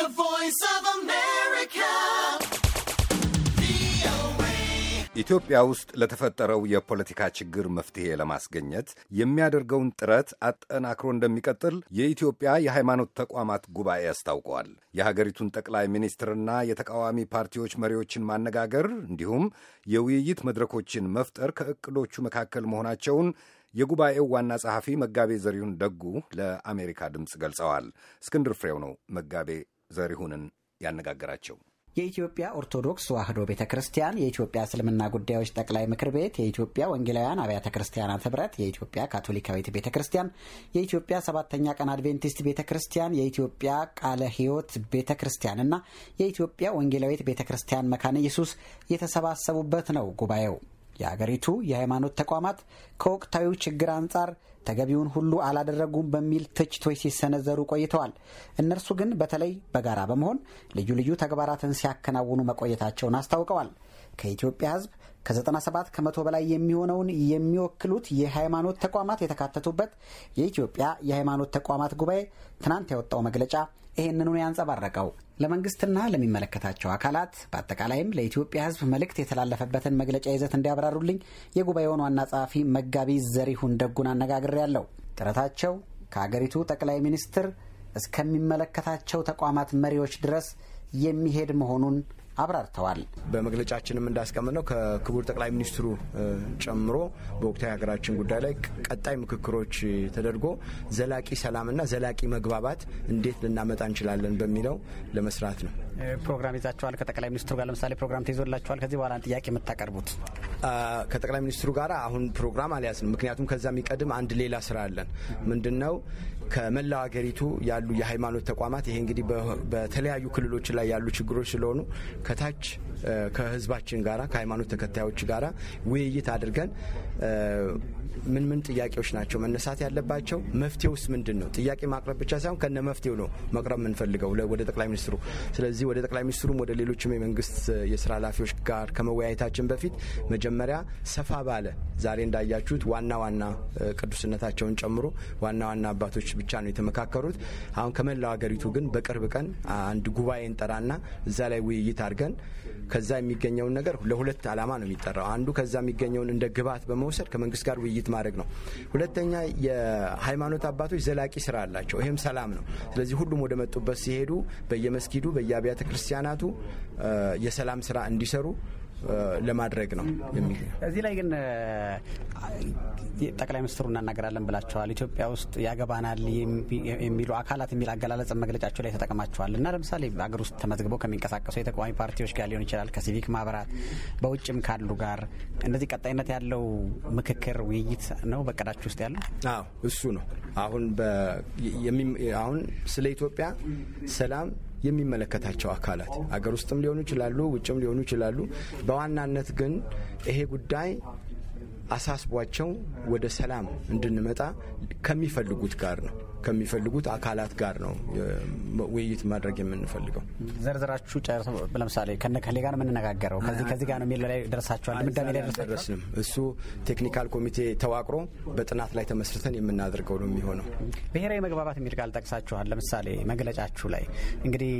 The Voice of America. ኢትዮጵያ ውስጥ ለተፈጠረው የፖለቲካ ችግር መፍትሄ ለማስገኘት የሚያደርገውን ጥረት አጠናክሮ እንደሚቀጥል የኢትዮጵያ የሃይማኖት ተቋማት ጉባኤ አስታውቀዋል። የሀገሪቱን ጠቅላይ ሚኒስትርና የተቃዋሚ ፓርቲዎች መሪዎችን ማነጋገር እንዲሁም የውይይት መድረኮችን መፍጠር ከእቅዶቹ መካከል መሆናቸውን የጉባኤው ዋና ጸሐፊ መጋቤ ዘሪሁን ደጉ ለአሜሪካ ድምፅ ገልጸዋል። እስክንድር ፍሬው ነው መጋቤ ዘሪሁንን ያነጋገራቸው። የኢትዮጵያ ኦርቶዶክስ ተዋሕዶ ቤተ ክርስቲያን፣ የኢትዮጵያ እስልምና ጉዳዮች ጠቅላይ ምክር ቤት፣ የኢትዮጵያ ወንጌላውያን አብያተ ክርስቲያናት ህብረት፣ የኢትዮጵያ ካቶሊካዊት ቤተ ክርስቲያን፣ የኢትዮጵያ ሰባተኛ ቀን አድቬንቲስት ቤተ ክርስቲያን፣ የኢትዮጵያ ቃለ ሕይወት ቤተ ክርስቲያንና የኢትዮጵያ ወንጌላዊት ቤተ ክርስቲያን መካነ ኢየሱስ የተሰባሰቡበት ነው ጉባኤው። የአገሪቱ የሃይማኖት ተቋማት ከወቅታዊ ችግር አንጻር ተገቢውን ሁሉ አላደረጉም በሚል ትችቶች ሲሰነዘሩ ቆይተዋል። እነርሱ ግን በተለይ በጋራ በመሆን ልዩ ልዩ ተግባራትን ሲያከናውኑ መቆየታቸውን አስታውቀዋል። ከኢትዮጵያ ሕዝብ ከ97 ከመቶ በላይ የሚሆነውን የሚወክሉት የሃይማኖት ተቋማት የተካተቱበት የኢትዮጵያ የሃይማኖት ተቋማት ጉባኤ ትናንት ያወጣው መግለጫ ይህንኑን ያንጸባረቀው ለመንግስትና ለሚመለከታቸው አካላት በአጠቃላይም ለኢትዮጵያ ሕዝብ መልእክት የተላለፈበትን መግለጫ ይዘት እንዲያብራሩልኝ የጉባኤውን ዋና ጸሐፊ መጋቢ ዘሪሁን ደጉን ያለው። ጥረታቸው ከአገሪቱ ጠቅላይ ሚኒስትር እስከሚመለከታቸው ተቋማት መሪዎች ድረስ የሚሄድ መሆኑን አብራርተዋል። በመግለጫችንም እንዳስቀምነው ከክቡር ጠቅላይ ሚኒስትሩ ጨምሮ በወቅታዊ ሀገራችን ጉዳይ ላይ ቀጣይ ምክክሮች ተደርጎ ዘላቂ ሰላምና ዘላቂ መግባባት እንዴት ልናመጣ እንችላለን በሚለው ለመስራት ነው። ፕሮግራም ይዛችኋል። ከጠቅላይ ሚኒስትሩ ጋር ለምሳሌ ፕሮግራም ተይዞላችኋል። ከዚህ በኋላ ጥያቄ የምታቀርቡት ከጠቅላይ ሚኒስትሩ ጋር አሁን ፕሮግራም አልያዝንም። ምክንያቱም ከዛ የሚቀድም አንድ ሌላ ስራ አለን። ምንድን ነው ከመላው ሀገሪቱ ያሉ የሃይማኖት ተቋማት ይሄ እንግዲህ በተለያዩ ክልሎች ላይ ያሉ ችግሮች ስለሆኑ ከታች ከህዝባችን ጋራ ከሃይማኖት ተከታዮች ጋራ ውይይት አድርገን ምን ምን ጥያቄዎች ናቸው መነሳት ያለባቸው፣ መፍትሄ ውስጥ ምንድን ነው ጥያቄ ማቅረብ ብቻ ሳይሆን ከነ መፍትሄው ነው መቅረብ የምንፈልገው ወደ ጠቅላይ ሚኒስትሩ። ስለዚህ ስለዚህ ወደ ጠቅላይ ሚኒስትሩም ወደ ሌሎችም የመንግስት የስራ ኃላፊዎች ጋር ከመወያየታችን በፊት መጀመሪያ ሰፋ ባለ ዛሬ እንዳያችሁት ዋና ዋና ቅዱስነታቸውን ጨምሮ ዋና ዋና አባቶች ብቻ ነው የተመካከሩት። አሁን ከመላው ሀገሪቱ ግን በቅርብ ቀን አንድ ጉባኤ እንጠራና እዛ ላይ ውይይት አድርገን ከዛ የሚገኘውን ነገር ለሁለት ዓላማ ነው የሚጠራው። አንዱ ከዛ የሚገኘውን እንደ ግብዓት በመውሰድ ከመንግስት ጋር ውይይት ማድረግ ነው። ሁለተኛ የሃይማኖት አባቶች ዘላቂ ስራ አላቸው። ይህም ሰላም ነው። ስለዚህ ሁሉም ወደ መጡበት ሲሄዱ በየመስጊዱ በየአብያተ ክርስቲያናቱ የሰላም ስራ እንዲሰሩ ለማድረግ ነው። እዚህ ላይ ግን ጠቅላይ ሚኒስትሩ እናናገራለን ብላቸዋል። ኢትዮጵያ ውስጥ ያገባናል የሚሉ አካላት የሚል አገላለጽ መግለጫቸው ላይ ተጠቅማቸዋል እና ለምሳሌ አገር ውስጥ ተመዝግበው ከሚንቀሳቀሱ የተቃዋሚ ፓርቲዎች ጋር ሊሆን ይችላል፣ ከሲቪክ ማህበራት በውጭም ካሉ ጋር እነዚህ ቀጣይነት ያለው ምክክር ውይይት ነው በቀዳችሁ ውስጥ ያለው? አዎ እሱ ነው። አሁን አሁን ስለ ኢትዮጵያ ሰላም የሚመለከታቸው አካላት አገር ውስጥም ሊሆኑ ይችላሉ፣ ውጭም ሊሆኑ ይችላሉ። በዋናነት ግን ይሄ ጉዳይ አሳስቧቸው ወደ ሰላም እንድንመጣ ከሚፈልጉት ጋር ነው ከሚፈልጉት አካላት ጋር ነው ውይይት ማድረግ የምንፈልገው። ዘርዘራችሁ ጨርሰው ለምሳሌ ከነከሌ ጋር የምንነጋገረው ከዚህ ጋር ነው የሚል ላይ ደርሳችኋል? ድምዳሜ ላይ ደረስንም? እሱ ቴክኒካል ኮሚቴ ተዋቅሮ በጥናት ላይ ተመስርተን የምናደርገው ነው የሚሆነው። ብሔራዊ መግባባት የሚል ቃል ጠቅሳችኋል። ለምሳሌ መግለጫችሁ ላይ እንግዲህ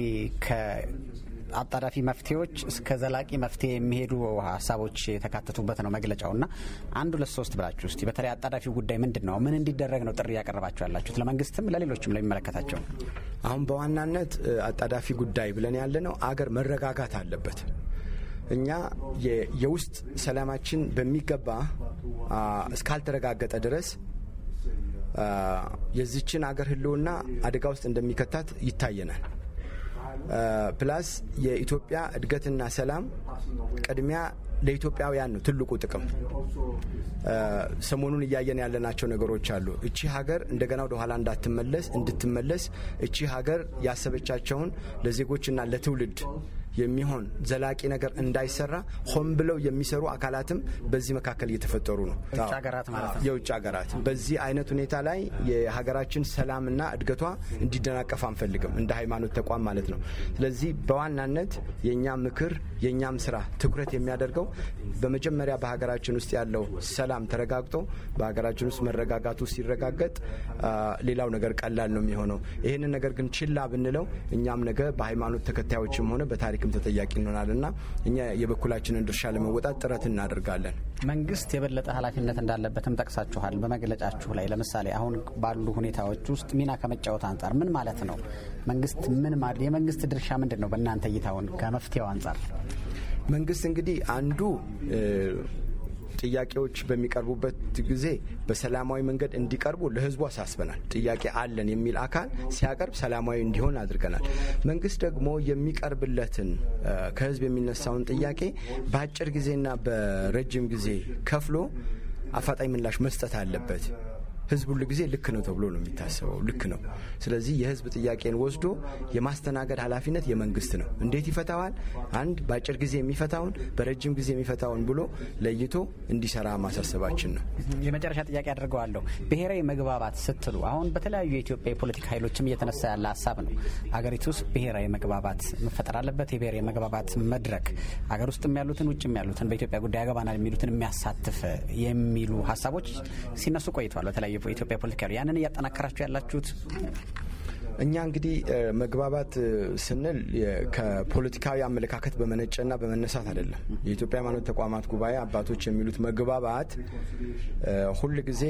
አጣዳፊ መፍትሄዎች እስከ ዘላቂ መፍትሄ የሚሄዱ ሀሳቦች የተካተቱበት ነው መግለጫው እና አንድ ሁለት ሶስት ብላችሁ እስቲ በተለይ አጣዳፊ ጉዳይ ምንድን ነው? ምን እንዲደረግ ነው ጥሪ ያቀረባችሁ ያላችሁት ለመንግስትም ለሌሎችም ለሚመለከታቸው? አሁን በዋናነት አጣዳፊ ጉዳይ ብለን ያለ ነው አገር መረጋጋት አለበት። እኛ የውስጥ ሰላማችን በሚገባ እስካልተረጋገጠ ድረስ የዚችን አገር ህልውና አደጋ ውስጥ እንደሚከታት ይታየናል። ፕላስ የኢትዮጵያ እድገትና ሰላም ቅድሚያ ለኢትዮጵያውያን ነው ትልቁ ጥቅም። ሰሞኑን እያየን ያለናቸው ነገሮች አሉ። እቺ ሀገር እንደገና ወደ ኋላ እንዳትመለስ እንድትመለስ እቺ ሀገር ያሰበቻቸውን ለዜጎችና ለትውልድ የሚሆን ዘላቂ ነገር እንዳይሰራ ሆን ብለው የሚሰሩ አካላትም በዚህ መካከል እየተፈጠሩ ነው። የውጭ ሀገራት በዚህ አይነት ሁኔታ ላይ የሀገራችን ሰላምና እድገቷ እንዲደናቀፍ አንፈልግም፣ እንደ ሃይማኖት ተቋም ማለት ነው። ስለዚህ በዋናነት የእኛ ምክር የእኛም ስራ ትኩረት የሚያደርገው በመጀመሪያ በሀገራችን ውስጥ ያለው ሰላም ተረጋግጦ በሀገራችን ውስጥ መረጋጋቱ ሲረጋገጥ ሌላው ነገር ቀላል ነው የሚሆነው። ይህንን ነገር ግን ችላ ብንለው እኛም ነገ በሃይማኖት ተከታዮችም ሆነ በታሪክ ሸክም ተጠያቂ እንሆናል እና እኛ የበኩላችንን ድርሻ ለመወጣት ጥረት እናደርጋለን። መንግስት የበለጠ ኃላፊነት እንዳለበትም ጠቅሳችኋል በመግለጫችሁ ላይ። ለምሳሌ አሁን ባሉ ሁኔታዎች ውስጥ ሚና ከመጫወት አንጻር ምን ማለት ነው? መንግስት ምን የመንግስት ድርሻ ምንድን ነው? በእናንተ እይታውን ከመፍትሄው አንጻር መንግስት እንግዲህ አንዱ ጥያቄዎች በሚቀርቡበት ሁለት ጊዜ በሰላማዊ መንገድ እንዲቀርቡ ለህዝቡ አሳስበናል። ጥያቄ አለን የሚል አካል ሲያቀርብ ሰላማዊ እንዲሆን አድርገናል። መንግስት ደግሞ የሚቀርብለትን ከህዝብ የሚነሳውን ጥያቄ በአጭር ጊዜና በረጅም ጊዜ ከፍሎ አፋጣኝ ምላሽ መስጠት አለበት ህዝብ ሁሉ ጊዜ ልክ ነው ተብሎ ነው የሚታሰበው። ልክ ነው። ስለዚህ የህዝብ ጥያቄን ወስዶ የማስተናገድ ኃላፊነት የመንግስት ነው። እንዴት ይፈታዋል? አንድ በአጭር ጊዜ የሚፈታውን በረጅም ጊዜ የሚፈታውን ብሎ ለይቶ እንዲሰራ ማሳሰባችን ነው። የመጨረሻ ጥያቄ አድርገዋለሁ። ብሔራዊ መግባባት ስትሉ አሁን በተለያዩ የኢትዮጵያ የፖለቲካ ኃይሎችም እየተነሳ ያለ ሀሳብ ነው። አገሪቱ ውስጥ ብሔራዊ መግባባት መፈጠር አለበት። የብሔራዊ መግባባት መድረክ አገር ውስጥም ያሉትን ውጭም ያሉትን በኢትዮጵያ ጉዳይ ያገባናል የሚሉትን የሚያሳትፍ የሚሉ ሀሳቦች ሲነሱ ቆይተዋል በተለያዩ የኢትዮጵያ ፖለቲካ ያንን እያጠናከራችሁ ያላችሁት እኛ እንግዲህ መግባባት ስንል ከፖለቲካዊ አመለካከት በመነጨና በመነሳት አይደለም። የኢትዮጵያ ሃይማኖት ተቋማት ጉባኤ አባቶች የሚሉት መግባባት ሁል ጊዜ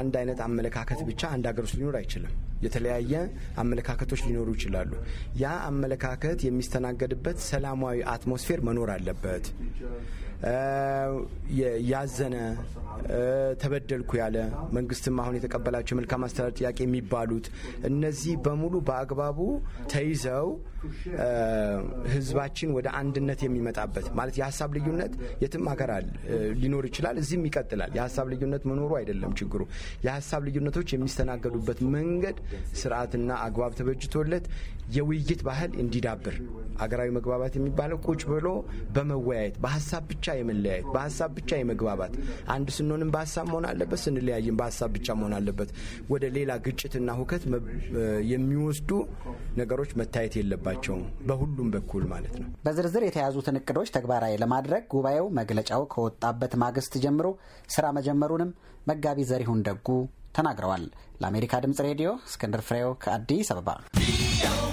አንድ አይነት አመለካከት ብቻ አንድ ሀገር ውስጥ ሊኖር አይችልም። የተለያየ አመለካከቶች ሊኖሩ ይችላሉ። ያ አመለካከት የሚስተናገድበት ሰላማዊ አትሞስፌር መኖር አለበት። ያዘነ ተበደልኩ ያለ መንግስትም አሁን የተቀበላቸው መልካም አስተዳደር ጥያቄ የሚባሉት እነዚህ በሙሉ በአግባቡ ተይዘው ህዝባችን ወደ አንድነት የሚመጣበት ማለት የሀሳብ ልዩነት የትም ሀገር ሊኖር ይችላል፣ እዚህም ይቀጥላል። የሀሳብ ልዩነት መኖሩ አይደለም ችግሩ። የሀሳብ ልዩነቶች የሚስተናገዱበት መንገድ ስርዓትና አግባብ ተበጅቶለት የውይይት ባህል እንዲዳብር አገራዊ መግባባት የሚባለው ቁጭ ብሎ በመወያየት በሀሳብ ብቻ የመለያየት በሀሳብ ብቻ የመግባባት አንድ ስንሆንም በሀሳብ መሆን አለበት፣ ስንለያይም በሀሳብ ብቻ መሆን አለበት። ወደ ሌላ ግጭትና ሁከት የሚወስዱ ነገሮች መታየት የለባቸውም፣ በሁሉም በኩል ማለት ነው። በዝርዝር የተያዙትን እቅዶች ተግባራዊ ለማድረግ ጉባኤው መግለጫው ከወጣበት ማግስት ጀምሮ ስራ መጀመሩንም መጋቢ ዘሪሁን ደጉ ተናግረዋል። ለአሜሪካ ድምጽ ሬዲዮ እስክንድር ፍሬው ከአዲስ አበባ